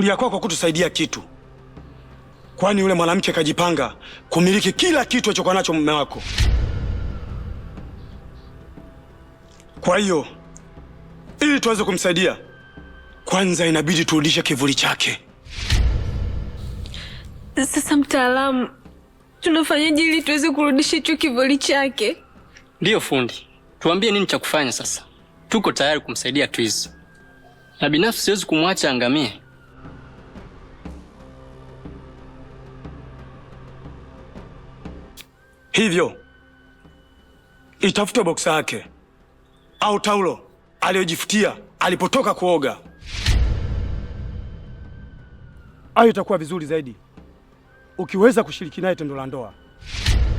kulia kwako kutusaidia kitu, kwani yule mwanamke kajipanga kumiliki kila kitu alichokuwa nacho mume wako. Kwa hiyo ili tuweze kumsaidia, kwanza inabidi turudishe kivuli chake. Sasa mtaalamu, tunafanyaje ili tuweze kurudisha hicho kivuli chake? Ndiyo fundi, tuambie nini cha kufanya sasa. Tuko tayari kumsaidia Twiz, na binafsi siwezi kumwacha angamie. Hivyo itafute boksa yake au taulo aliyojifutia alipotoka kuoga. Hayo itakuwa vizuri zaidi ukiweza kushiriki naye tendo la ndoa.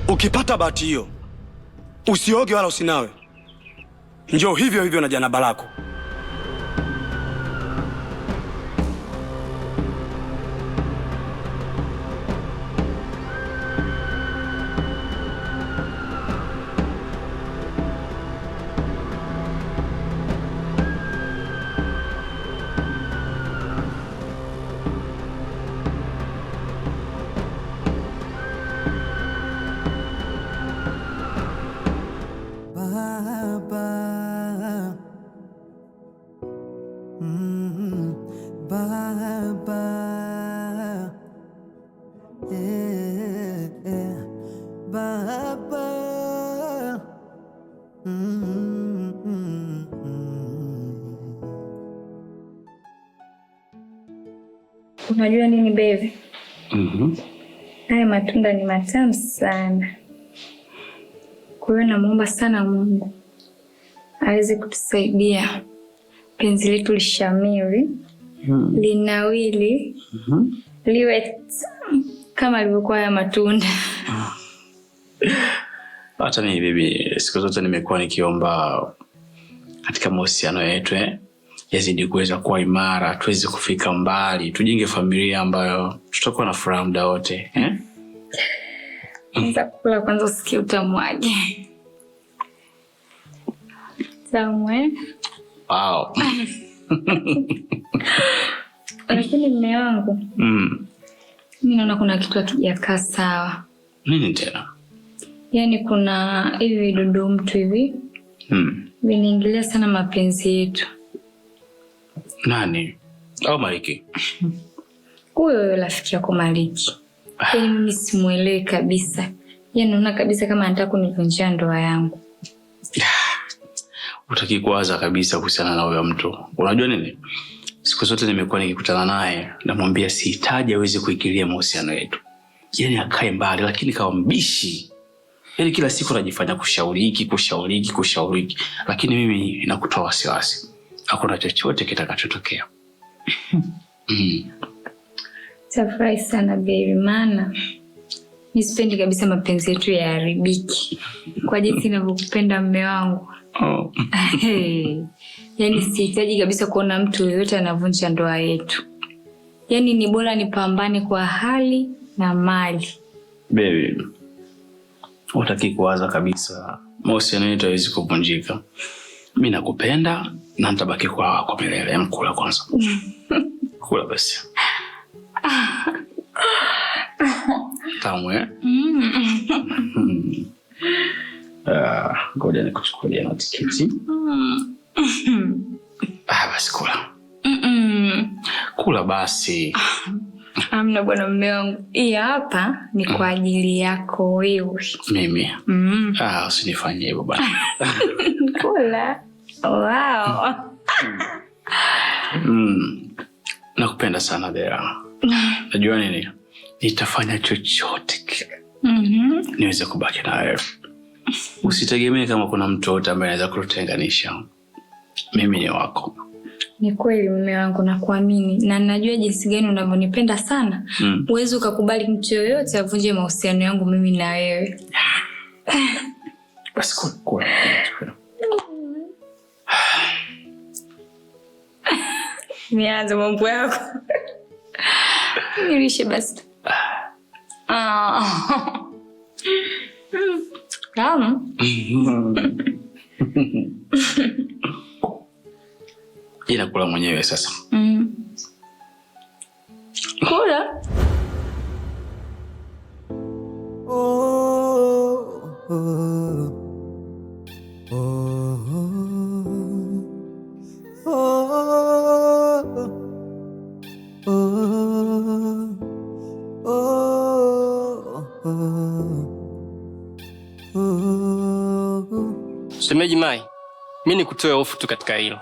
Ukipata bahati hiyo, usioge wala usinawe, njoo hivyo hivyo na janaba lako. Unajua nini bevi? mm haya matunda ni matamu sana, kwa hiyo namwomba sana Mungu aweze kutusaidia penzi letu lishamiri, mm. linawili, mm -hmm. liwe kama alivyokuwa haya matunda. Hata mimi bibi, siku zote nimekuwa nikiomba katika mahusiano yetu eh yazidi kuweza kuwa imara, tuweze kufika mbali, tujenge familia ambayo tutakuwa na furaha muda wote eh? Kula kwanza usikie utamu wake. Tamu eh? Wow. Lakini mme wangu mm. Mi naona kuna kitu hakijakaa sawa. Nini tena? Yaani kuna hivi vidudu mtu hivi mm. vinaingilia sana mapenzi yetu nani? Au Maliki? Huyo huyo rafiki yako Maliki. Ah. Yaani mimi simuelewi kabisa. Yaani naona kabisa kama anataka kunivunjia ndoa yangu. Utaki kuwaza kabisa kuhusiana na huyo mtu. Unajua nini? Siku zote nimekuwa nikikutana naye namwambia sihitaji aweze kuingilia mahusiano yetu. Yaani akae mbali lakini kawa mbishi. Yaani kila siku anajifanya kushauri kushauriki, kushauriki. hiki, Lakini mimi inakutoa wasiwasi hakuna chochote kitakachotokea. Mm. Tafurahi sana baby, maana mi sipendi kabisa mapenzi yetu yaharibiki kwa jinsi inavyokupenda mme wangu. oh. Yani sihitaji kabisa kuona mtu yoyote anavunja ndoa yetu. Yani ni bora nipambane kwa hali na mali. Baby, utaki kuwaza kabisa, mahusiano yetu hawezi kuvunjika mi nakupenda na ntabaki kwa kwa milele. Mkula yaani kwanza, mm. kula basi tamwe. Eh? Mm. Ah, ngoja nikuchukulia na tikiti. Mm. Ah, basi kula, kula basi ah. Amna bwana mme wangu, hii hapa ni kwa mm. ajili yako wewe. Mimi mm. Ah, usinifanyie hivyo bwana. Kula wow. Mm. mm. Nakupenda sana Dea. Najua nini, nitafanya chochote mm -hmm. niweze kubaki na wewe. Usitegemee kama kuna mtu yote ambaye anaweza kututenganisha. Mimi ni wako. Ni kweli mume wangu, nakuamini na najua jinsi gani unavyonipenda sana. Mm. Huwezi mm. ukakubali mtu yoyote avunje mahusiano yangu mimi na wewe. Nianze mambo yako nilishe basi. Ah. ila kula mwenyewe sasa. Mm. Kula. Semeji Mai, mi nikutoe hofu tu katika hilo,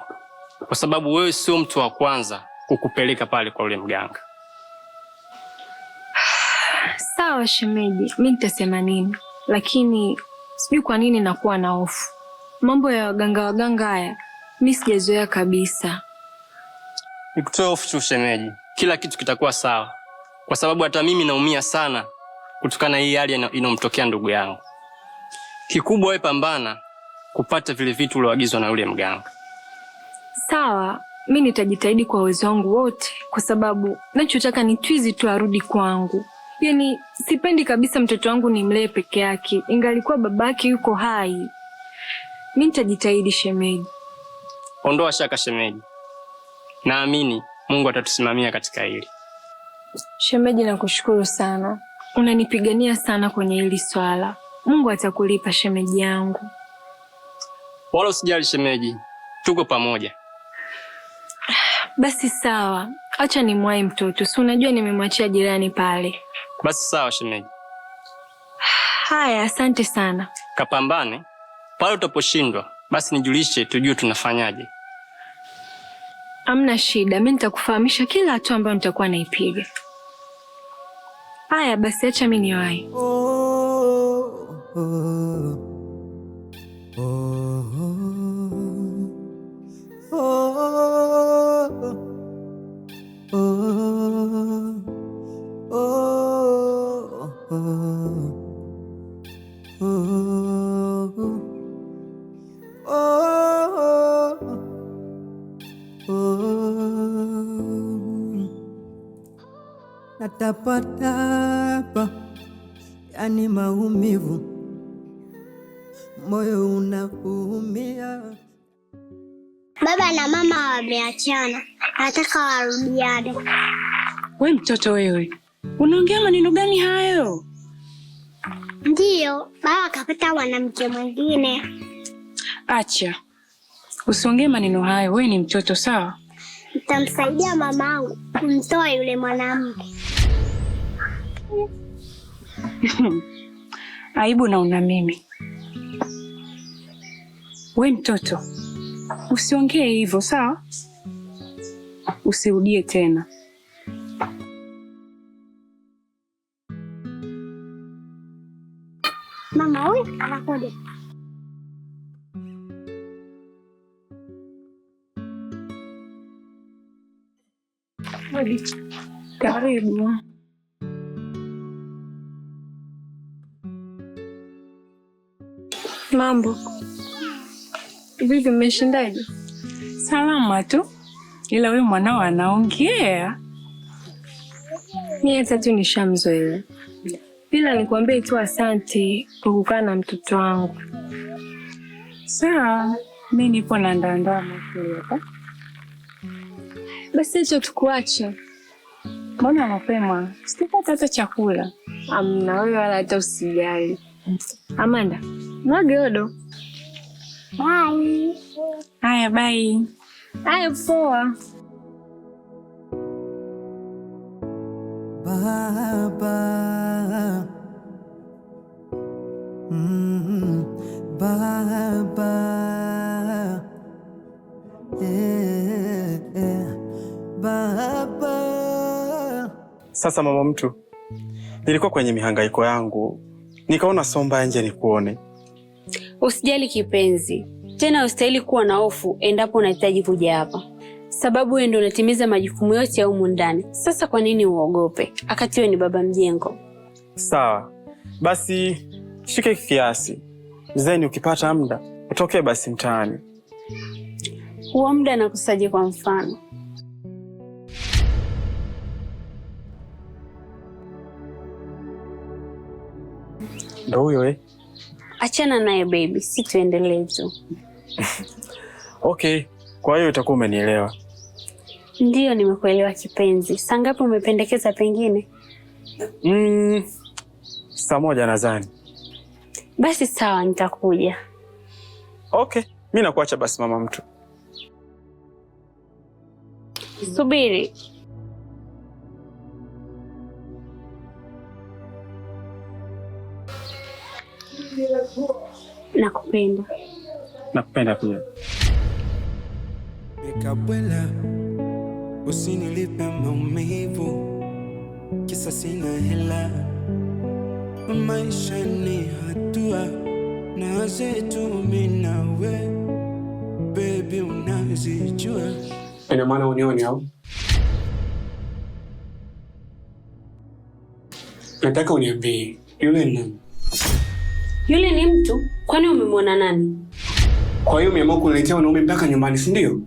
kwa sababu wewe sio mtu wa kwanza kukupeleka pale kwa yule mganga. Sawa shemeji, mi nitasema nini, lakini sijui kwa nini nakuwa na hofu. Mambo ya waganga waganga haya mi sijazoea kabisa. Nikutoe hofu tu shemeji, kila kitu kitakuwa sawa, kwa sababu hata mimi naumia sana kutokana na hii hali inayomtokea ndugu yangu. Kikubwa wewe pambana kupata vile vitu ulioagizwa na yule mganga. Sawa, mi nitajitahidi kwa uwezo wangu wote, kwa sababu nachotaka ni Twizi tu arudi kwangu. Yaani sipendi kabisa mtoto wangu nimlee peke yake, ingalikuwa babake yuko hai. Mi nitajitahidi shemeji. Ondoa shaka shemeji, naamini Mungu atatusimamia katika hili. Shemeji, nakushukuru sana, unanipigania sana kwenye hili swala. Mungu atakulipa shemeji yangu, wala usijali shemeji, tuko pamoja. Basi sawa, acha nimwahi mtoto, si unajua nimemwachia jirani pale. Basi sawa shemeji. Haya, asante sana. Kapambane pale, utaposhindwa basi nijulishe, tujue tunafanyaje. Amna shida, mi nitakufahamisha kila hatua ambayo nitakuwa naipiga. Haya basi, acha mi niwahi. oh, oh, oh, oh, oh. patapatapa, yani maumivu, moyo unakuumia. Baba na mama wameachana, nataka warudiane. We mtoto wewe, unaongea maneno gani hayo? Ndiyo, baba akapata mwanamke mwingine. Acha, usiongee maneno hayo, wewe ni mtoto sawa? Nitamsaidia mamangu kumtoa yule mwanamke. Aibu naona mimi. We mtoto, usiongee hivyo sawa? Usirudie tena. Mama huyu anakuja. Karibu. Mambo vipi, mmeshindaje? Salama tu, ila huyu mwanao anaongea. Mie tatu nishamzoea, ila nikwambie tu asante kwa kukaa na mtoto wangu. Sawa, mi nipo na ndandaa Basi hicho tukuache. Mbona mapema? Sitapata hata chakula. Amna wewe, wala hata usijali. Amanda Magodo. Bye. Haya, bye. Haya, poa. Baba. Mm, Baba. Eh, eh. Baba. Sasa mama mtu, nilikuwa kwenye mihangaiko yangu, nikaona somba nje nikuone Usijali kipenzi, tena ustahili kuwa na hofu endapo unahitaji kuja hapa, sababu wewe ndio unatimiza majukumu yote ya humu ndani. Sasa kwa nini uogope? Akati wewe ni baba mjengo. Sawa basi, shike kiasi zeni, ukipata muda utokee basi mtaani. Huo muda nakusaje? Kwa mfano ndo huyo eh Achana naye baby, si tuendelee tu. Okay, kwa hiyo utakuwa umenielewa. Ndiyo, nimekuelewa kipenzi. Saa ngapi umependekeza pengine? Mm, saa moja nadhani. Basi sawa, nitakuja. Okay, mi nakuacha basi, mama mtu. Subiri. Nakupenda. Nakupenda pia. Nikabwela, usinilipe maumivu, kisa sina hela. Maisha ni hatua na zetu, mimi nawe baby, unazijua. Ina maana unioni au? Nataka uniambie yule nani? Yule ni mtu, kwani umemwona nani? Kwa hiyo umeamua kuniletea wanaume mpaka nyumbani, si ndio?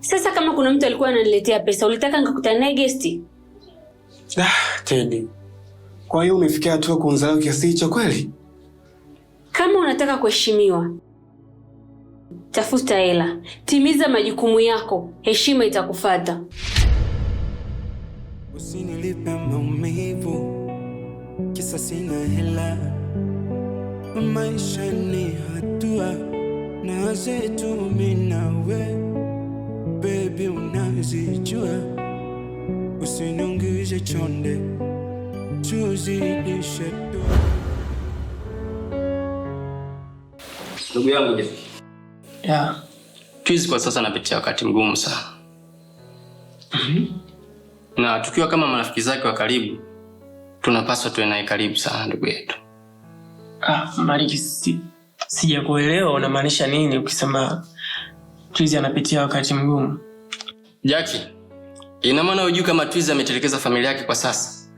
Sasa kama kuna mtu alikuwa ananiletea pesa, ulitaka nikakutana naye gesti? Ah, Teddy. Kwa hiyo umefikia hatua kunzarau kiasi hicho kweli? Kama unataka kuheshimiwa, tafuta hela, timiza majukumu yako, heshima itakufata. Usinilipe maumivu, kisa sina hela maisha ni hatua na zetu mimi unazijua, usinungize chonde tuzidishe tu. Ndugu yangu je? Yeah. Twizy kwa sasa napitia wakati mgumu sana. Mm -hmm. Na tukiwa kama marafiki zake wa karibu tunapaswa tuwe naye karibu sana ndugu yetu. Ah, Mariki, sijakuelewa unamaanisha nini ukisema Twizi anapitia wakati mgumu? Jaki, ina maana hujui kama Twizi ametelekeza familia yake kwa sasa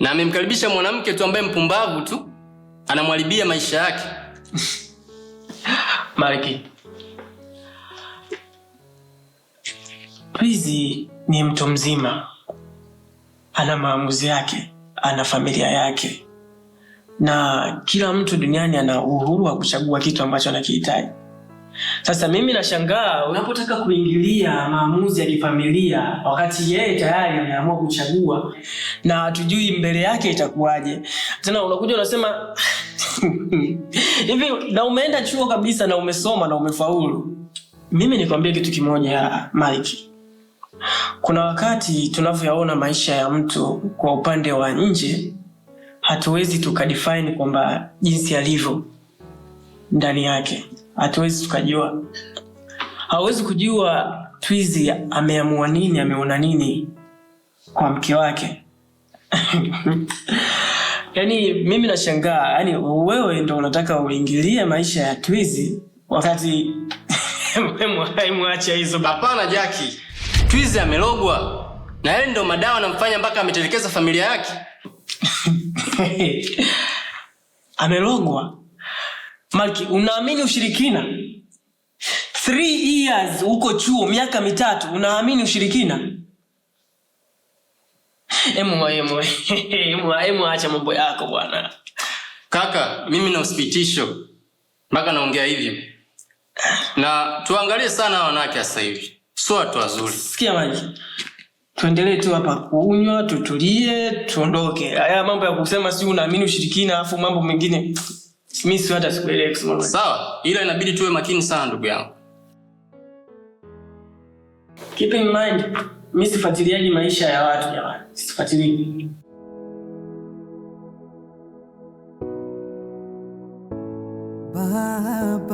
na amemkaribisha mwanamke tu ambaye mpumbavu tu anamharibia maisha yake. Mariki, Twizi ni mtu mzima, ana maamuzi yake, ana familia yake na kila mtu duniani ana uhuru wa kuchagua kitu ambacho anakihitaji. Sasa mimi nashangaa unapotaka kuingilia maamuzi ya kifamilia wakati yeye tayari ameamua kuchagua, na hatujui mbele yake itakuwaje. Tena unakuja unasema hivi na umeenda chuo kabisa na umesoma na umefaulu. Mimi nikwambie kitu kimoja Mike, kuna wakati tunavyoyaona maisha ya mtu kwa upande wa nje hatuwezi tukadefine kwamba jinsi alivyo ndani yake, hatuwezi tukajua, hawezi kujua Twizi ameamua nini, ameona nini kwa mke wake. yani mimi nashangaa, yani wewe ndo unataka uingilie maisha ya Twizi wakati mwacha hizo. Hapana jaki Twizi amelogwa na yale ndo madawa anamfanya mpaka ametelekeza familia yake. amelogwa. Malki, unaamini ushirikina? years huko chuo, miaka mitatu, unaamini ushirikina? Emu, mambo yako bwana. Kaka, mimi na usipitisho mpaka naongea hivyo, na tuangalie sana wanawake sasa hivi, si watu wazuri. Sikia maji tuendelee tu hapa kunywa, tutulie, tuondoke. Haya mambo ya kusema si unaamini ushirikina, afu mambo mengine mimi si hata sikuelewi kusema. Sawa, ila inabidi tuwe makini sana ndugu yangu. Keep in mind, mimi sifuatiliaji maisha ya watu jamani. Sifuatilii. Baba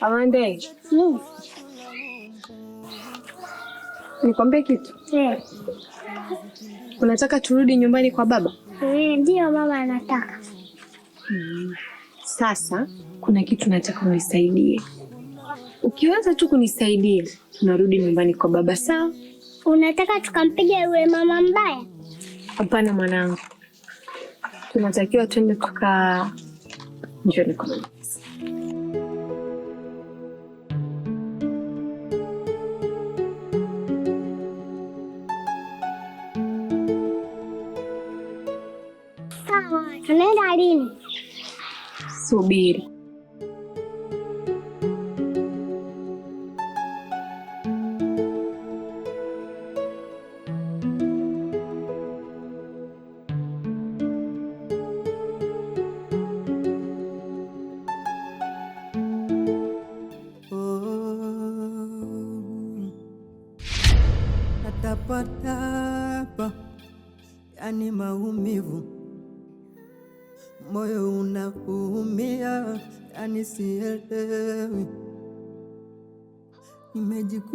Amanda, nikwambie kitu. Unataka turudi nyumbani kwa baba? Ndio, mama anataka. Hmm. Sasa kuna kitu nataka unisaidie. Ukiweza tu kunisaidia, tunarudi nyumbani kwa baba. Sawa? Unataka tukampiga yule mama mbaya? Hapana mwanangu, tunatakiwa twende tukaa Njoni kwa tunaenda lini? Subiri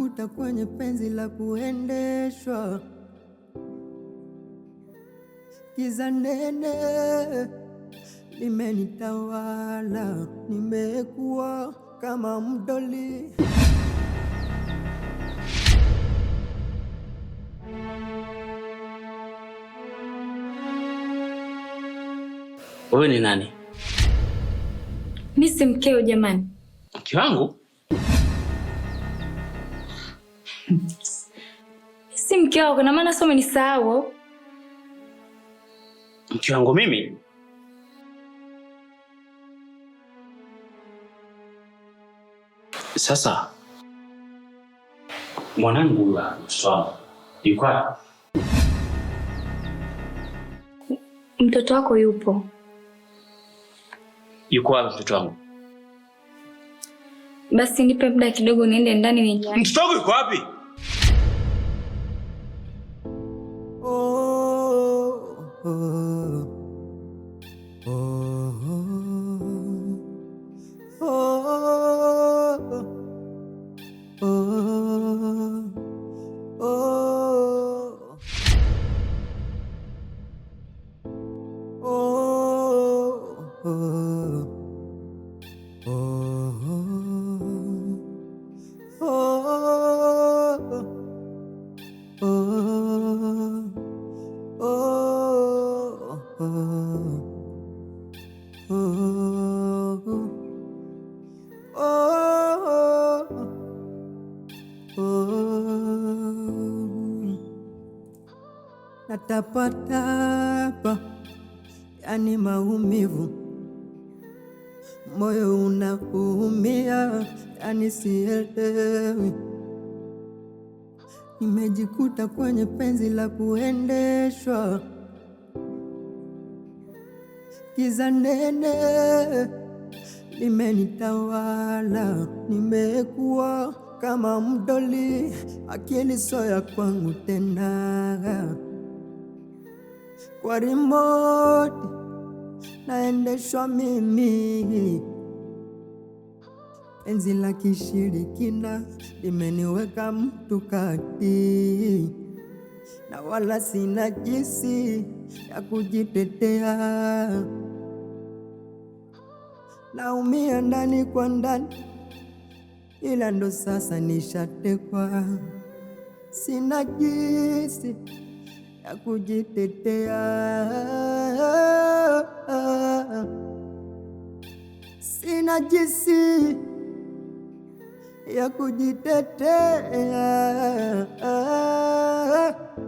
kuvuta kwenye penzi la kuendeshwa giza nene limenitawala, nimekuwa kama mdoli. Huyu ni nani? Mimi si mkeo jamani. Mke wangu? mke wako na maana sio umenisahau? Mke wangu mimi? Sasa mwanangu wa Swala yuko Mtoto wako yupo. Yuko wapi mtoto wangu? Basi nipe muda kidogo niende ndani ni. Mtoto wako yuko wapi? yani ah, maumivu, moyo unakuumia, yani ah, sielewi. Nimejikuta kwenye penzi la kuendeshwa giza nene limenitawala, nimekuwa kama mdoli, akili soya kwangu tena, kwa remote naendeshwa mimi. Penzi la kishirikina limeniweka mtu kati, na wala sina jinsi ya kujitetea. Naumia ndani kwa ndani, ila ndo sasa nishatekwa, sina jinsi ya kujitetea sina jinsi ya kujitetea.